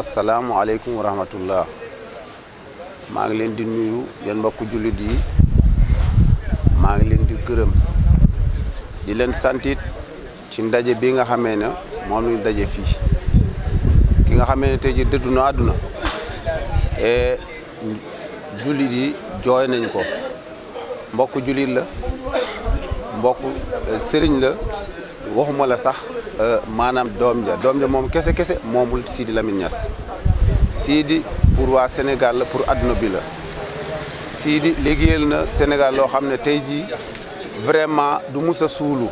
asalaamualeykum wa rahmatullah maa ngi leen di nuyu yéen mbokku jullit yi maa ngi leen di gërëm di leen santit ci ndaje bi nga xamee ne moom lañu daje fii ki nga xamee ne tey ji dëddu na àdduna e jullit yi jooy nañ ko mbokk jullit la mbokku e, sëriñ la waxuma la sax euh, maanaam doom ja doom ja moom kese kese moomul Sidi Lamine Niass siidi pour waa Sénégal la pour adduna bi la siidi liggéeyal na Sénégal loo xam ne tey jii vraiment du mus a suulu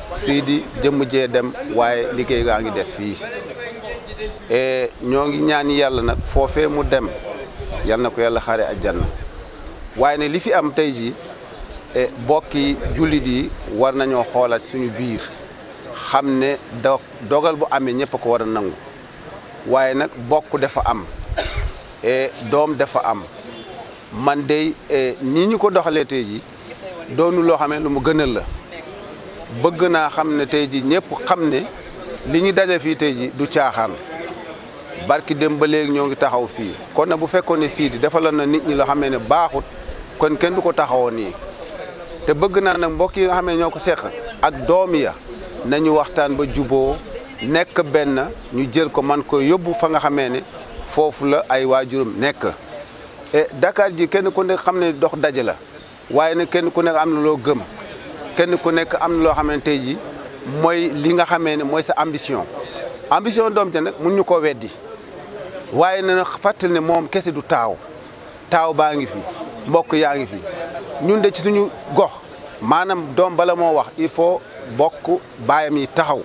Sidi jëmm jee dem waaye liggéey gaa ngi des fii ñoo ngi ñaani yàlla nag foofee mu dem yal na ko yàlla xaare àjjana waaye ne li fi am tey jii eh, bokki jullit yi war nañoo xoolaat suñu biir xam ne do dogal bu amee ñëpp ko war a nangu waaye nag bokk dafa am e doom dafa am man de e, nii ñu ko doxalee tey ji doonu loo xam ne lu mu gënal la bëgg naa xam ne tey ji ñépp xam ne li ñu daje fii tey ji du caaxaan barki dem ba léegi ñoo ngi taxaw fii kon nag bu fekkoon ne Sidi defaloon na nit ñi loo xam ne baaxut kon kenn du ko taxawoon nii te bëgg naa nag mbokk yi nga ñoo ko seq ak doom ya nañu waxtaan ba juboo nekk benn ñu jël ko man ko yóbbu fa nga xamee ne foofu la ay waajuram nekk Dakar ji kenn ku nekk xam ne dox daje la waaye nag kenn ku nekk am na loo gëm kenn ku nekk am na loo xamante ji mooy li nga xamee ne mooy sa ambition ambition doom te nag mun ñu koo weddi waaye na fàttali ne moom kese du taaw taaw baa ngi fi mbokk yaa ngi fi ñun de ci suñu gox maanaam doom bala moo wax il faut bokk baayam yi taxaw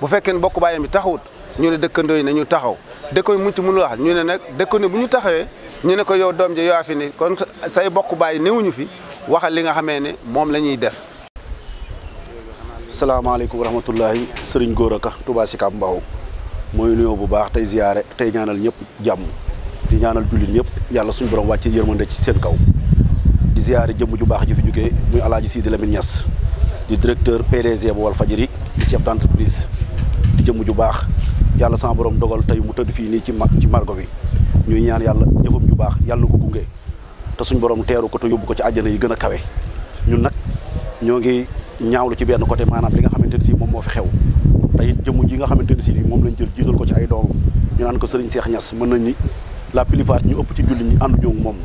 bu fekkee ne bokk baayam yi taxawut ñu ne dëkkandoo yi nañu taxaw dëkko yi muñ ci mënul wax ñu ne bu ñu taxawee ñu ne ko yow doom ji yaa fi ni kon say bokk baay néewuñu fi waxal li nga xamee ne moom la ñuy def. salaamaaleykum wa rahmatullahi sëriñ Gora Ka Touba Sicap Mbao mooy nuyoo bu baax tey ziyaare tey ñaanal ñëpp jàmm di ñaanal jullit ñëpp yàlla suñu borom wàcce yërmande ci seen kaw di ziyaare jëmm ju baax ji fi jógee muy alaaji Sidi Lamine Niass di directeur PDG bu Walfadjri di chef d' entreprise di jëmm ju baax yàlla sama borom dogal tey mu tëdd fii nii ci mag ci margo bi ñuy ñaan yàlla jëfam ju baax yàlla na ko gunge te suñ borom teeru ko te yóbbu ko ci àjjana yi gën a kawe ñun nag ñoo ngi ñaawlu ci benn côté maanaam li nga xamante ne sii moom moo fi xew tey jëmm ji nga xamante ne sii moom lañ jël jiital ko ci ay doomam ñu naan ko Serigne Cheikh Niass mën nañ ni la plupart ñu ëpp ci julli ñi àndu ñoo moom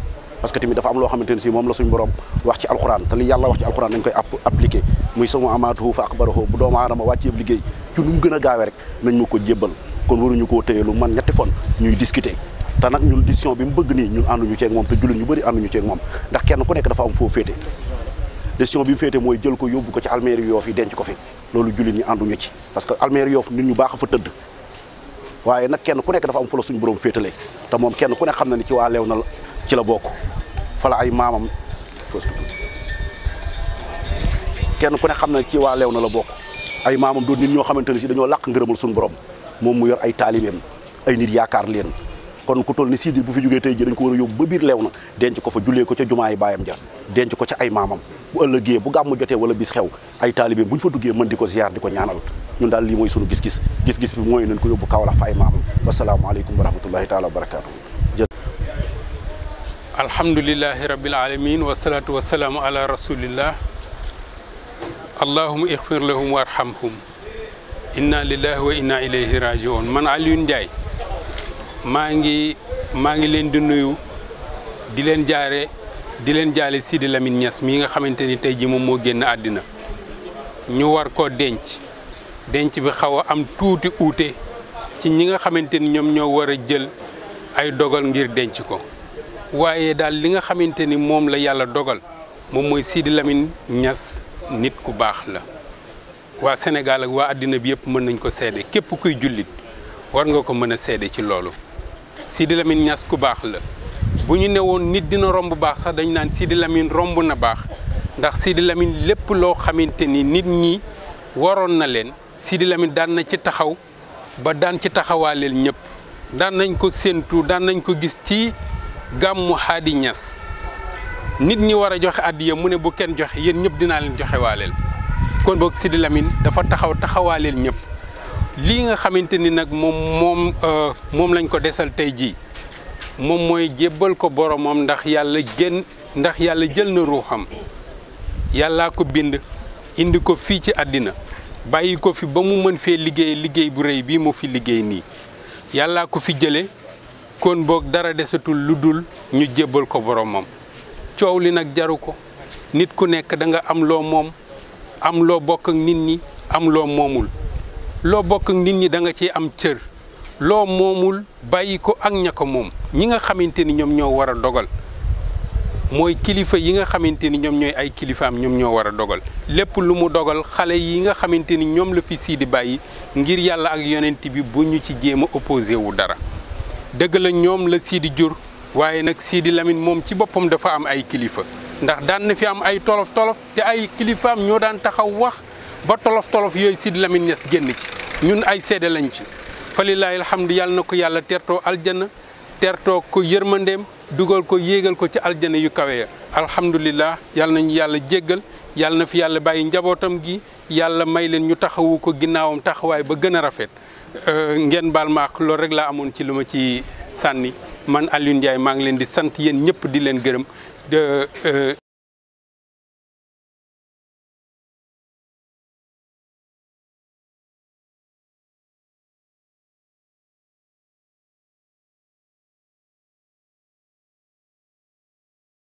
parce que tamit dafa am loo xamante ne si moom la suñu borom wax ci alxuraan te li yàlla wax ci alxuraan dañ koy appliqué muy sama amaatuhu fa akbaruhu bu doomu aadama wàcc yëpp liggéey ci nu mu gën a gaawee rek nañ ma ko jébbal kon waruñu koo téye lu man ñetti fon ñuy discuter te nag ñun décision bi mu bëgg nii ñun ànduñu ceeg moom te jullit ñu bëri ànduñu ceeg moom ndax kenn ku nekk dafa am foo féete décision bi mu féete mooy jël ko yóbbu ko ci almeeri yoof yi denc ko fi loolu jullit ñi ànduñu ci parce que almeeri yoof nit ñu baax a fa tëdd kenn ku nekk dafa am fu la suñu féetale te moom kenn ku nekk xam na ni ci waa leew na ci la bokk fala ay maamam kenn ku ne xam na ci waa lew na la bokk ay maamam doon nit ñoo xamante ne si dañoo làq ngërëmal suñu borom moom mu yor ay taalibeem ay nit yaakaar leen kon ku toll ni Sidy bu fi jógee tey ji dañ a yóbbu ba biir lew ko fa jullee ko ca jumaay baayam ja denc ko ca ay maamam bu ëllëgee bu gàmmu jotee wala bis xew ay taalibeem bu ñu fa duggee mën di ko ziar di ko ñaanal ñun daal lii mooy sunu gis-gis gis-gis bi mooy nañ ko yóbbu Kaolack fa ay maamam wasalaamualeykum wa rahmatullahi taala wa barakaatu. alhamdulillahi rabbil alamin wasalaatu wasalaamu ala rasulillah allahuma ixfir lahum warhamhum inna lillahi wa inna ilayhi rajiun man Alioune Ndiaye maa ngi maa ngi leen di nuyu di leen jaare di leen jaale Sidi Lamine Niass mii nga xamante ni tey ji moom moo génn àddina ñu war koo denc denc bi xaw a am tuuti uute ci ñi nga xamante ni ñoom ñoo war a jël ay dogal ngir denc ko waaye daal li nga xamante ni moom la yàlla dogal moom mooy Sidi Lamine Niass nit ku baax la waa Sénégal ak waa àddina bi yëpp mën nañ ko seede képp kuy jullit war nga ko mën a seede ci loolu Sidi Lamine Niass ku baax la bu ñu woon nit dina romb baax sax dañ naan Sidi Lamine romb na baax ndax Sidi Lamine lépp loo xamante ni nit ñi waroon na leen Sidi Lamine daan na ci taxaw ba daan ci taxawaaleel ñëpp daan nañ ko séentu daan nañ ko gis ci gàmmu Hady Niass nit ñi war a joxe addiya mu ne bu kenn joxe yéen ñëpp dinaa leen joxe waaleel kon boog Sidi Lamine dafa taxaw taxawaaleel ñëpp lii nga xamante ni nag moom moom euh, moom lañ ko desal tey jii moom mooy jébbal ko boromam ndax yàlla génn ndax yàlla jël na ruuxam yàllaa ko bind indi ko fii ci àddina bàyyi ko fi ba mu mën fee liggéey liggéey bu rëy bii mu fi liggéey nii yàllaa ko fi jële kon boog dara desatul lu dul ñu jébbal ko boromam coow li nag jaru ko nit ku nekk danga am loo moom am loo bokk ak nit ñi am loo moomul loo bokk nit ñi da nga ciy am cër loo moomul bàyyi ko ak ña ko moom ñi nga xamante ni ñoom ñoo war a dogal mooy kilifa yi nga xamante ni ñoom ñooy ay kilifaam ñoom ñoo war a dogal lépp lu mu dogal xale yi nga xamante ni ñoom la fi siidi bàyyi ngir yàlla ak yonent bi bu ñu ci jéem a opposé wu dara dëgg la ñoom la siidi jur waaye nag siidi Lamine moom ci boppam dafa am ay kilifa ndax daan na fi am ay tolof tolof te ay kilifaam ñoo daan taxaw wax ba tolof tolof yooyu Sidi Lamine Niass génn ci ñun ay seede lañ ci falilaahi alhamdu yàlla na ko yàlla tertoo aljana tertoo ko yërmandeem dugal ko yéegal ko ci aljana yu kawe ya alhamdulilah yàlla nañu yàlla jéggal yàlla na fi yàlla bàyyi njabootam gi yàlla may leen ñu taxawu ko ginnaawam taxawaay ba gën a rafet Euh, ngeen baal ma ak loolu rek laa amoon ci lu ma ci sànni man Alioune Ndiaye maa ngi leen di sant yéen ñëpp di leen gërëm de euh,